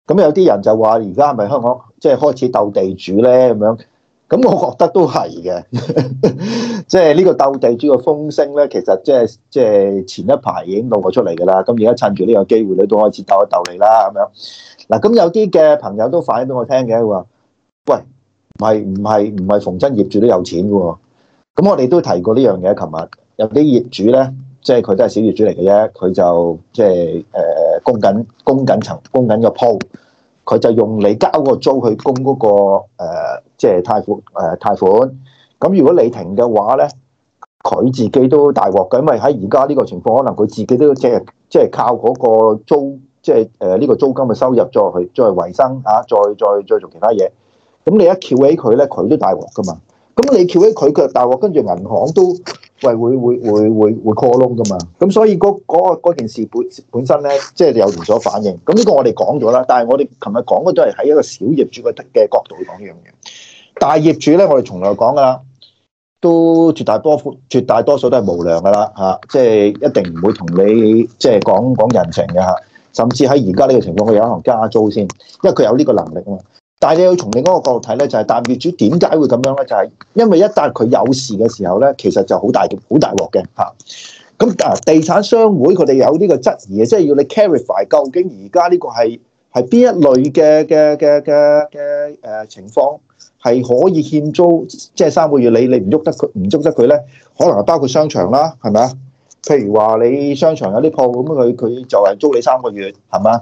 咁有啲人就話而家係咪香港即係、就是、開始鬥地主咧咁樣，咁我覺得都係嘅，即係呢個鬥地主嘅風聲咧，其實即係即係前一排已經露過出嚟噶啦，咁而家趁住呢個機會你都開始鬥一鬥嚟啦咁樣。嗱，咁有啲嘅朋友都反映俾我聽嘅，話喂，唔係唔係唔係逢親業主都有錢噶，咁我哋都提過呢樣嘢。琴日有啲業主咧，即係佢都係小業主嚟嘅啫，佢就即係誒。就是呃供緊供緊層供緊個鋪，佢就用你交個租去供嗰、嗰個即係貸款誒貸款。咁、呃、如果你停嘅話咧，佢自己都大鑊嘅，因為喺而家呢個情況，可能佢自己都即係即係靠嗰個租，即係誒呢個租金嘅收入再去再維生嚇，再、啊、再再，再做其他嘢。咁、嗯、你一撬起佢咧，佢都大鑊噶嘛。咁、嗯、你撬起佢，佢大鑊，跟住銀行都。喂，會會會會會 c a l l 窿 p 噶嘛？咁所以嗰、那個那個那個、件事本本身咧，即係有連鎖反應。咁呢個我哋講咗啦，但係我哋琴日講嘅都係喺一個小業主嘅嘅角度去講呢樣嘢。大業主咧，我哋從來講噶啦，都絕大多數大多數都係無良噶啦嚇，即係一定唔會同你即係講講人情嘅嚇、啊。甚至喺而家呢個情況，佢有可能加租先，因為佢有呢個能力啊嘛。但係你要從另一個角度睇咧，就係但業主點解會咁樣咧？就係因為一但佢有事嘅時候咧，其實就好大好大鑊嘅嚇。咁啊，地產商會佢哋有呢個質疑即係要你 clarify 究竟而家呢個係係邊一類嘅嘅嘅嘅嘅誒情況係可以欠租，即係三個月你你唔喐得佢唔喐得佢咧，可能係包括商場啦，係咪啊？譬如話你商場有啲鋪咁，佢佢就係租你三個月，係咪？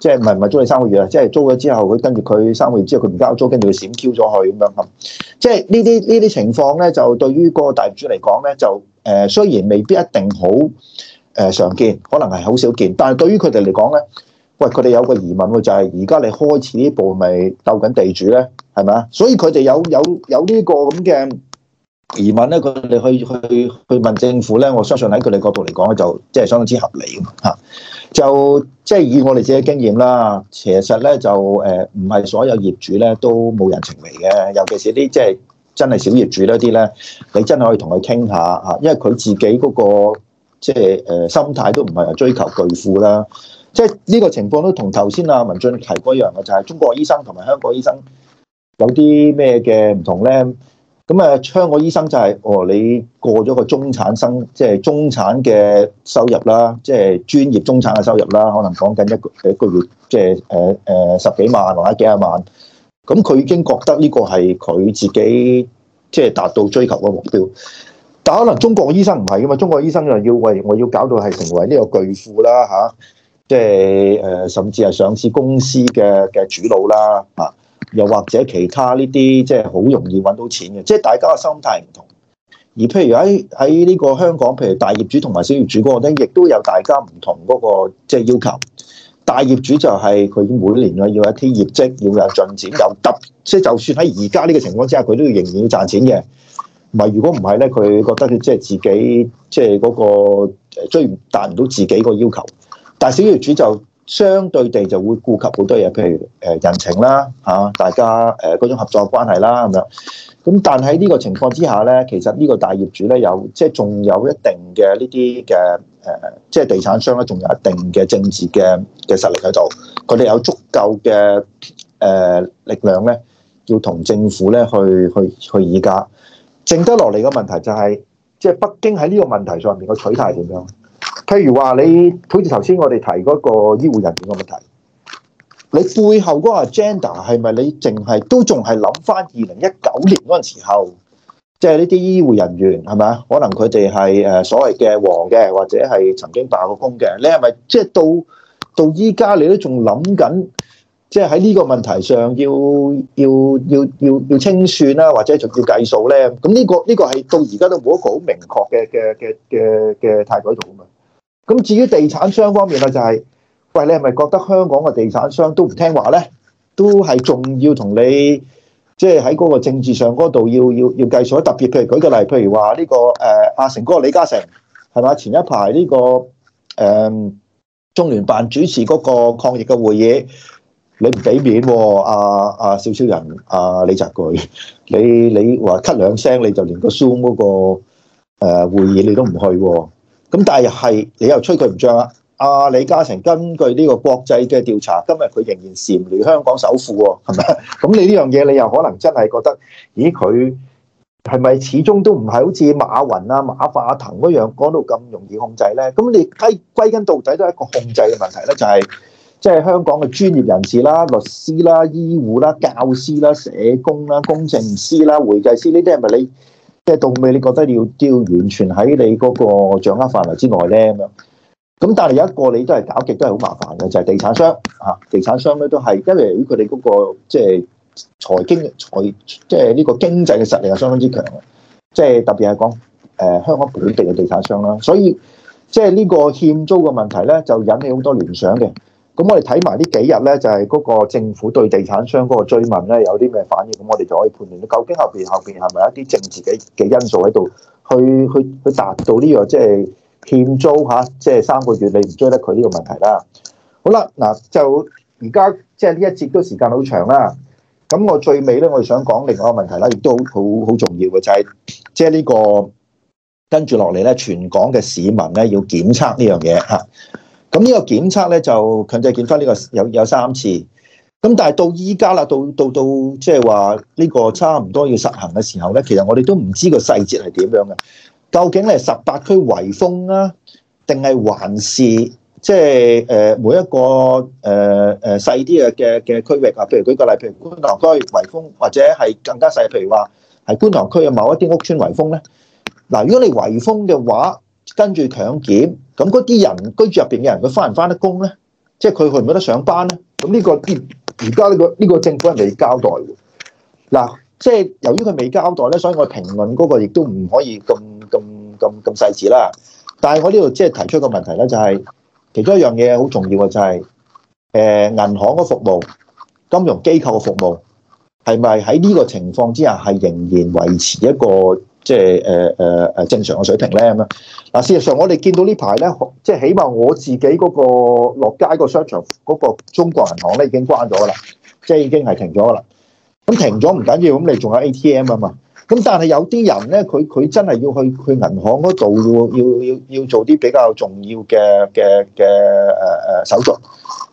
即係唔係唔係租你三個月啊！即係租咗之後，佢跟住佢三個月之後，佢唔交租，跟住佢閃 Q 咗佢。咁樣咁。即係呢啲呢啲情況咧，就對於嗰個地主嚟講咧，就誒、呃、雖然未必一定好誒、呃、常見，可能係好少見，但係對於佢哋嚟講咧，喂，佢哋有個疑問喎，就係而家你開始呢步咪鬥緊地主咧，係咪？所以佢哋有有有呢個咁嘅疑問咧，佢哋去去去問政府咧，我相信喺佢哋角度嚟講咧，就即係相當之合理嘅嚇。就即係、就是、以我哋自己經驗啦，其實咧就誒唔係所有業主咧都冇人情味嘅，尤其是啲即係真係小業主嗰啲咧，你真係可以同佢傾下嚇，因為佢自己嗰、嗰個即係誒心態都唔係追求巨富啦。即係呢個情況都同頭先阿文進提過一樣嘅，就係、係、中國醫生同埋香港醫生有啲咩嘅唔同咧？咁啊、嗯，香港醫生就係、是，哦，你過咗個中產生，即、就、係、是、中產嘅收入啦，即、就、係、是、專業中產嘅收入啦，可能講緊一個一個月，即係誒誒十幾萬或者幾廿萬，咁、嗯、佢已經覺得呢個係佢自己即係、就是、達到追求嘅目標。但可能中國嘅醫生唔係㗎嘛，中國嘅醫生就係要為我要搞到係成為呢個巨富啦嚇，即係誒甚至係上市公司嘅嘅主腦啦啊！又或者其他呢啲即係好容易揾到錢嘅，即係大家嘅心態唔同。而譬如喺喺呢個香港，譬如大業主同埋小業主、那個，我覺得亦都有大家唔同嗰個即係要求。大業主就係佢每年啊要一啲業績要有進展，有得，即係就算喺而家呢個情況之下，佢都要仍然要賺錢嘅。唔係，如果唔係咧，佢覺得即係自己即係嗰個追達唔到自己個要求。但係小業主就，相對地就會顧及好多嘢，譬如誒人情啦，嚇大家誒嗰種合作關係啦咁樣。咁但喺呢個情況之下咧，其實呢個大業主咧有即係仲有一定嘅呢啲嘅誒，即係地產商咧仲有一定嘅政治嘅嘅實力喺度，佢哋有足夠嘅誒力量咧，要同政府咧去去去議價。剩得落嚟嘅問題就係，即係北京喺呢個問題上面嘅取態點樣？譬如話你，好似頭先我哋提嗰個醫護人員嘅問題，你背後嗰個 agenda 係咪你淨係都仲係諗翻二零一九年嗰陣時候，即係呢啲醫護人員係咪啊？可能佢哋係誒所謂嘅黃嘅，或者係曾經罷過工嘅，你係咪即係到到依家你都仲諗緊，即係喺呢個問題上要要要要要清算啦、啊，或者仲要計數咧？咁呢、這個呢、這個係到而家都冇一個好明確嘅嘅嘅嘅嘅態度喺度啊嘛～咁至於地產商方面咧，就係喂，你係咪覺得香港嘅地產商都唔聽話咧？都係仲要同你，即係喺嗰個政治上嗰度要要要計數。特別譬如舉個例，譬如話呢個誒阿成哥李嘉誠係嘛，前一排呢個誒中聯辦主持嗰個抗疫嘅會議，你唔俾面阿阿少少人阿李澤钜，你你話咳兩聲，你就連個 Zoom 嗰個誒會議你都唔去喎。咁但係係你又吹佢唔漲啊？阿李嘉誠根據呢個國際嘅調查，今日佢仍然蟬聯香港首富喎，係咪？咁你呢樣嘢你又可能真係覺得，咦佢係咪始終都唔係好似馬雲啊、馬化騰嗰樣講到咁容易控制咧？咁你歸歸根到底都係一個控制嘅問題咧，就係即係香港嘅專業人士啦、律師啦、醫護啦、教師啦、社工啦、工程師啦、會計師呢啲係咪你？即係到尾你覺得你要要完全喺你嗰個掌握範圍之內咧，咁樣，咁但係有一個你都係搞極都係好麻煩嘅，就係地產商吓，地產商咧都係因為佢哋嗰個即係財經財，即係呢個經濟嘅實力係相當之強嘅，即係特別係講誒香港本地嘅地產商啦，所以即係呢個欠租嘅問題咧，就引起好多聯想嘅。咁我哋睇埋呢幾日咧，就係嗰個政府對地產商嗰個追問咧，有啲咩反應，咁我哋就可以判斷你究竟後邊後邊係咪一啲政治嘅嘅因素喺度，去去去達到呢個即係欠租嚇，即係三個月你唔追得佢呢個問題啦。好啦，嗱就而家即係呢一節都時間好長啦。咁我最尾咧，我哋想講另外一個問題啦，亦都好好重要嘅，就係即係呢個跟住落嚟咧，全港嘅市民咧要檢測呢樣嘢嚇。咁呢個檢測咧，就強制檢翻呢、這個有有三次，咁但係到依家啦，到到到即係話呢個差唔多要實行嘅時候咧，其實我哋都唔知個細節係點樣嘅，究竟係十八區圍封啊，定係還是即係誒每一個誒誒、呃、細啲嘅嘅嘅區域啊？譬如舉個例，譬如觀塘區圍封，或者係更加細，譬如話係觀塘區嘅某一啲屋邨圍封咧。嗱、呃，如果你圍封嘅話，跟住強檢，咁嗰啲人居住入邊嘅人，佢返唔返得工咧？即係佢去唔到得上班咧？咁呢、這個啲而家呢個呢個政府人未交代喎。嗱，即係由於佢未交代咧，所以我評論嗰個亦都唔可以咁咁咁咁細緻啦。但係我呢度即係提出一個問題咧、就是，就係其中一樣嘢好重要嘅就係、是、誒、呃、銀行嘅服務、金融機構嘅服務係咪喺呢個情況之下係仍然維持一個？即係誒誒誒正常嘅水平咧咁樣。嗱，事實上我哋見到呢排咧，即係起碼我自己嗰個落街個商場嗰個中國銀行咧已經關咗啦，即係已經係停咗啦。咁停咗唔緊要，咁你仲有 ATM 啊嘛。咁但係有啲人咧，佢佢真係要去去銀行嗰度要要要做啲比較重要嘅嘅嘅誒誒手續。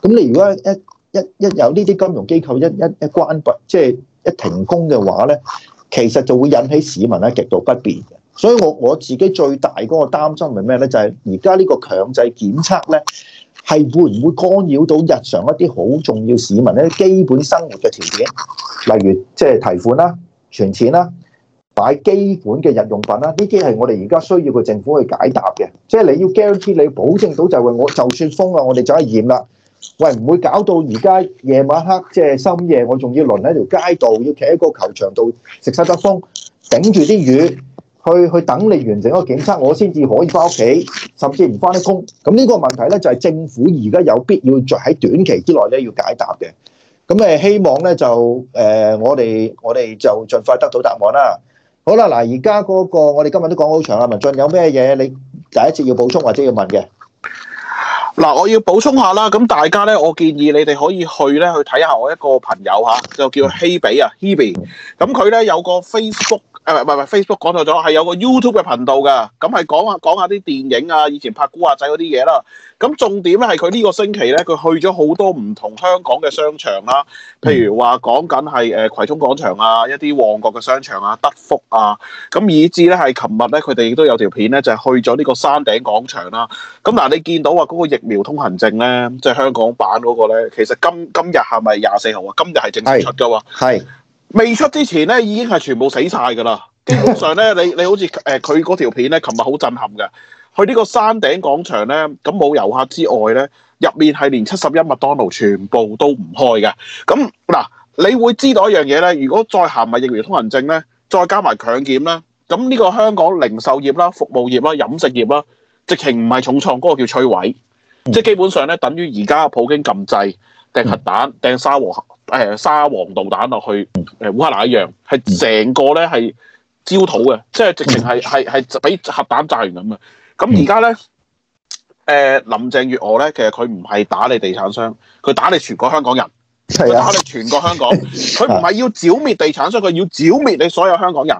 咁你如果一一一有呢啲金融機構一一一關閉，即係一停工嘅話咧？其實就會引起市民咧極度不便嘅，所以我我自己最大嗰個擔心係咩咧？就係而家呢個強制檢測咧，係會唔會干擾到日常一啲好重要市民咧基本生活嘅條件，例如即係提款啦、啊、存錢啦、啊、擺基本嘅日用品啦、啊，呢啲係我哋而家需要個政府去解答嘅，即、就、係、是、你要 guarantee，你保證到就係我就算封啦，我哋就係驗啦。喂，唔會搞到而家夜晚黑即係深夜，我仲要輪喺條街度，要企喺個球場度食西北風，頂住啲雨去去等你完成一個檢測，我先至可以翻屋企，甚至唔翻得工。咁呢個問題咧就係、是、政府而家有必要在喺短期之內咧要解答嘅。咁誒，希望咧就誒、呃、我哋我哋就盡快得到答案啦。好啦，嗱而家嗰個我哋今日都講好長啊，文進有咩嘢你第一次要補充或者要問嘅？嗱，我要補充下啦，咁大家咧，我建議你哋可以去咧去睇下我一個朋友嚇，啊，就叫 Hebe 啊，Hebe，咁佢咧有個 Facebook。誒，唔係唔係 Facebook 講錯咗，係有個 YouTube 嘅頻道㗎，咁係講下講下啲電影啊，以前拍古惑、啊、仔嗰啲嘢啦。咁重點咧係佢呢個星期咧，佢去咗好多唔同香港嘅商場啦、啊，譬如話講緊係誒葵涌廣場啊，一啲旺角嘅商場啊，德福啊。咁以至咧係琴日咧，佢哋亦都有條片咧，就係、是、去咗呢個山頂廣場啦、啊。咁嗱，你見到話、啊、嗰、那個疫苗通行證咧，即、就、係、是、香港版嗰個咧，其實今今日係咪廿四號啊？今日係正式出㗎喎。係。未出之前咧，已經係全部死晒㗎啦。基本上咧，你你好似誒佢嗰條片咧，琴日好震撼嘅。去呢個山頂廣場咧，咁冇遊客之外咧，入面係連七十一、麥當勞全部都唔開嘅。咁嗱，你會知道一樣嘢咧，如果再行埋疫苗通行證咧，再加埋強檢啦，咁呢個香港零售業啦、服務業啦、飲食業啦，直情唔係重創，嗰個叫摧毀。嗯、即係基本上咧，等於而家普京禁制掟核彈、掟沙和。誒、呃、沙皇導彈落去，誒、呃、烏克蘭一樣，係成個咧係焦土嘅，即係直情係係係俾核彈炸完咁啊！咁而家咧，誒、呃、林鄭月娥咧，其實佢唔係打你地產商，佢打你全國香港人，佢打你全國香港，佢唔係要剿滅地產商，佢要剿滅你所有香港人。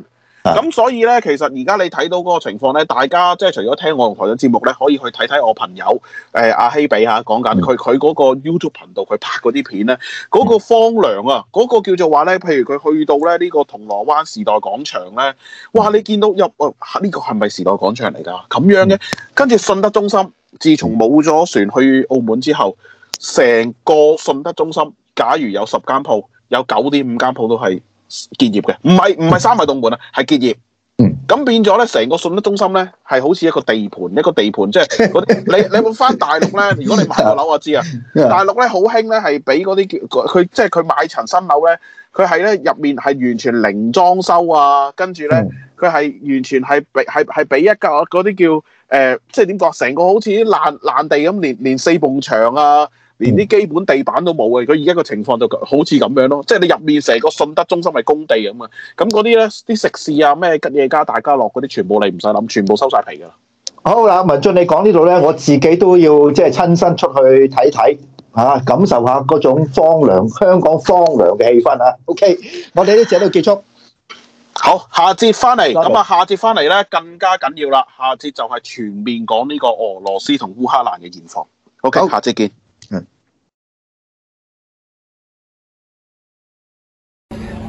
咁所以咧，其實而家你睇到嗰個情況咧，大家即係除咗聽我同台長嘅節目咧，可以去睇睇我朋友誒阿希比啊講緊佢佢嗰個 YouTube 頻道佢拍嗰啲片咧，嗰、嗰個荒涼啊，嗰、嗰個叫做話咧，譬如佢去到咧呢個銅鑼灣時代廣場咧，哇！你見到入呢、呃這個係咪時代廣場嚟㗎？咁樣嘅，跟住信德中心，自從冇咗船去澳門之後，成個信德中心，假如有十間鋪，有九點五間鋪都係。結業嘅，唔係唔係三係凍盤啊，係結業。嗯，咁變咗咧，成個信德中心咧，係好似一個地盤，一個地盤，即係啲。你你會翻大陸咧？如果你買過樓，我知啊。大陸咧好興咧，係俾嗰啲叫佢，即係佢買層新樓咧，佢係咧入面係完全零裝修啊，跟住咧佢係完全係俾係係俾一嚿嗰啲叫誒、呃，即係點講？成個好似啲爛爛地咁，連連四埲牆啊。連啲基本地板都冇嘅，佢而家個情況就好似咁樣咯。即係你入面成個信德中心係工地啊嘛，咁嗰啲咧啲食肆啊，咩吉野家、大家樂嗰啲，全部你唔使諗，全部收晒皮噶啦。好啦，文俊你講呢度咧，我自己都要即係親身出去睇睇吓，感受下嗰種荒涼香港荒涼嘅氣氛啊。OK，我哋呢節都結束，好，下節翻嚟咁啊，下節翻嚟咧更加緊要啦。下節就係全面講呢個俄羅斯同烏克蘭嘅現況。OK，好下節見。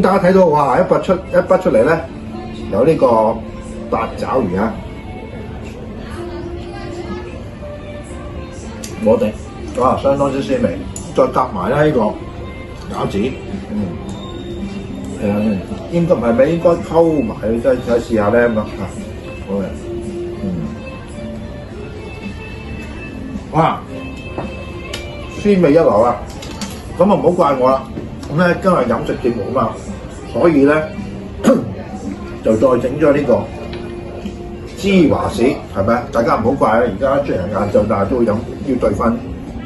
大家睇到哇，一筆出一筆出嚟咧，有呢個八爪魚啊，我哋、嗯、相當之鮮味，再夾埋咧呢個餃子，嗯，係、嗯、啊，係啊應該唔係，應該唔係咩，應該溝埋再試下呢？咁啊，好嘅，嗯，哇，鮮味一流啊，咁啊唔好怪我啦。咁咧今日飲食節目啊嘛，所以咧 (coughs) 就再整咗呢個芝華士，係咪啊？大家唔好怪啦，而家出嚟晏晝，但係都會飲，要兌翻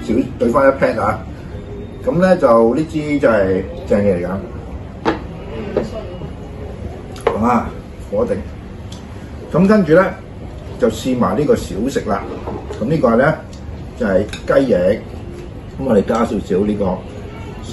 少，兌翻一 pat 啊。咁咧就呢支就係正嘢嚟㗎，係、啊、嘛？火定。咁跟住咧就試埋呢個小食啦。咁呢個咧就係、是、雞翼，咁我哋加少少呢、這個。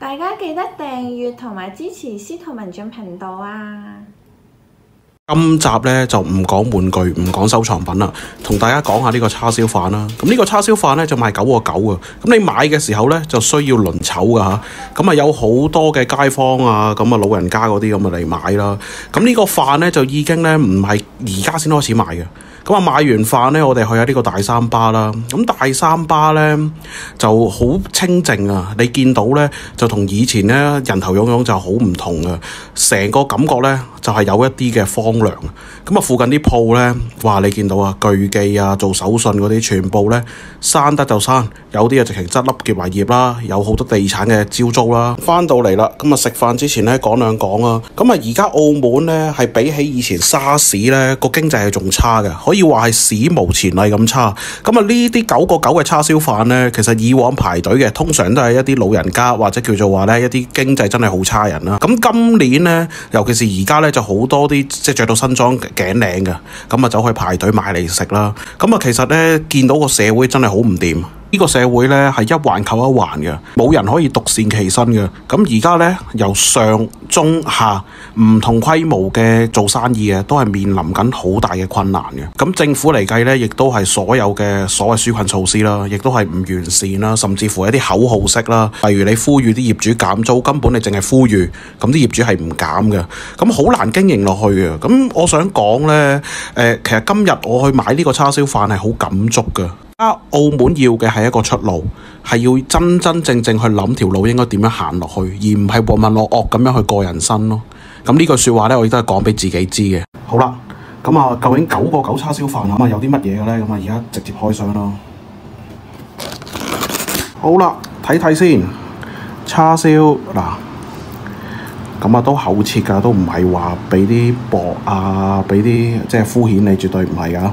大家記得訂閱同埋支持司徒文進頻道啊！今集咧就唔講玩具，唔講收藏品啦，同大家講下呢個叉燒飯啦。咁呢個叉燒飯咧就賣九個九啊。咁你買嘅時候咧就需要輪籌噶吓。咁啊有好多嘅街坊啊，咁啊老人家嗰啲咁啊嚟買啦。咁呢個飯咧就已經咧唔係而家先開始賣嘅。咁啊，買完飯呢，我哋去下呢個大三巴啦。咁大三巴呢就好清靜啊，你見到呢，就同以前呢人頭湧湧就好唔同啊，成個感覺呢，就係、是、有一啲嘅荒涼。咁啊，附近啲鋪呢，哇，你見到啊，鉅記啊，做手信嗰啲全部呢，閂得就閂，有啲啊直情執笠結埋業啦，有好多地產嘅招租啦、啊。翻到嚟啦，咁啊食飯之前呢，講兩講啊。咁啊，而家澳門呢，係比起以前沙士呢個經濟係仲差嘅。可以話係史無前例咁差，咁啊呢啲九個九嘅叉燒飯呢，其實以往排隊嘅通常都係一啲老人家或者叫做話呢一啲經濟真係好差人啦。咁今年呢，尤其是而家呢，就好多啲即係著到新裝頸領嘅，咁啊走去排隊買嚟食啦。咁啊其實呢，見到個社會真係好唔掂。呢個社會呢，係一環扣一環嘅，冇人可以獨善其身嘅。咁而家呢，由上中下唔同規模嘅做生意嘅都係面臨緊好大嘅困難嘅。咁政府嚟計呢，亦都係所有嘅所謂紓困措施啦，亦都係唔完善啦，甚至乎一啲口號式啦。例如你呼籲啲業主減租，根本你淨係呼籲，咁啲業主係唔減嘅，咁好難經營落去嘅。咁我想講呢，呃，其實今日我去買呢個叉燒飯係好感觸嘅。而家澳門要嘅係一個出路，係要真真正正去諗條路應該點樣行落去，而唔係渾渾噩噩咁樣去過人生咯。咁呢句說話咧，我亦都係講俾自己知嘅。好啦，咁啊，究竟九個九叉燒飯盒啊有啲乜嘢嘅咧？咁啊，而家直接開箱咯。好啦，睇睇先，叉燒嗱，咁啊都厚切噶，都唔係話俾啲薄啊，俾啲即係敷衍你，絕對唔係噶。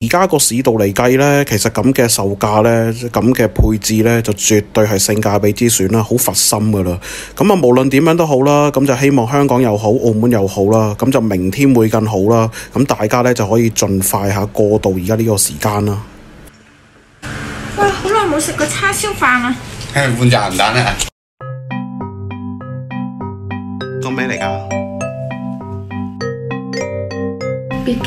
而家個市道嚟計呢，其實咁嘅售價呢，咁嘅配置呢，就絕對係性價比之選啦，好佛心噶啦。咁啊，無論點樣都好啦，咁就希望香港又好，澳門又好啦，咁就明天會更好啦。咁大家呢，就可以盡快下過渡而家呢個時間啦。喂，好耐冇食過叉燒飯啊！誒，換盞蛋啊！做咩嚟噶？p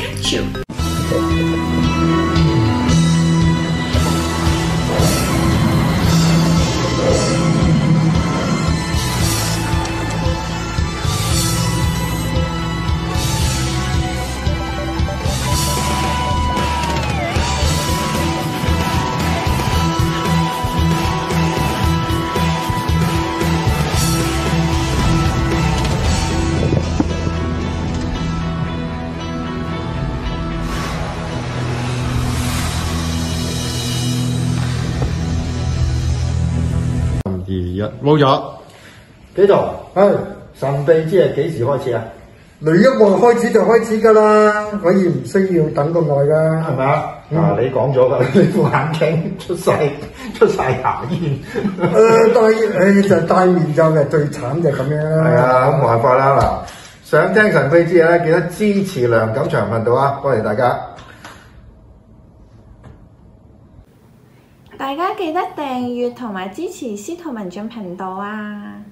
冇咗，基度？哎是，神秘之夜幾時開始啊？雷一望開始就開始噶啦，我亦唔需要等咁耐噶，係咪、嗯、啊？嗱，你講咗啦，副眼鏡出晒出晒牙煙，誒、 (laughs) 呃，戴、哎、就戴、是、面罩嘅最慘就咁樣啦。係啊，冇辦法啦嗱，想聽神秘之夜咧，記得支持梁錦祥頻道啊，多謝大家。大家記得訂閱同埋支持司徒文進頻道啊！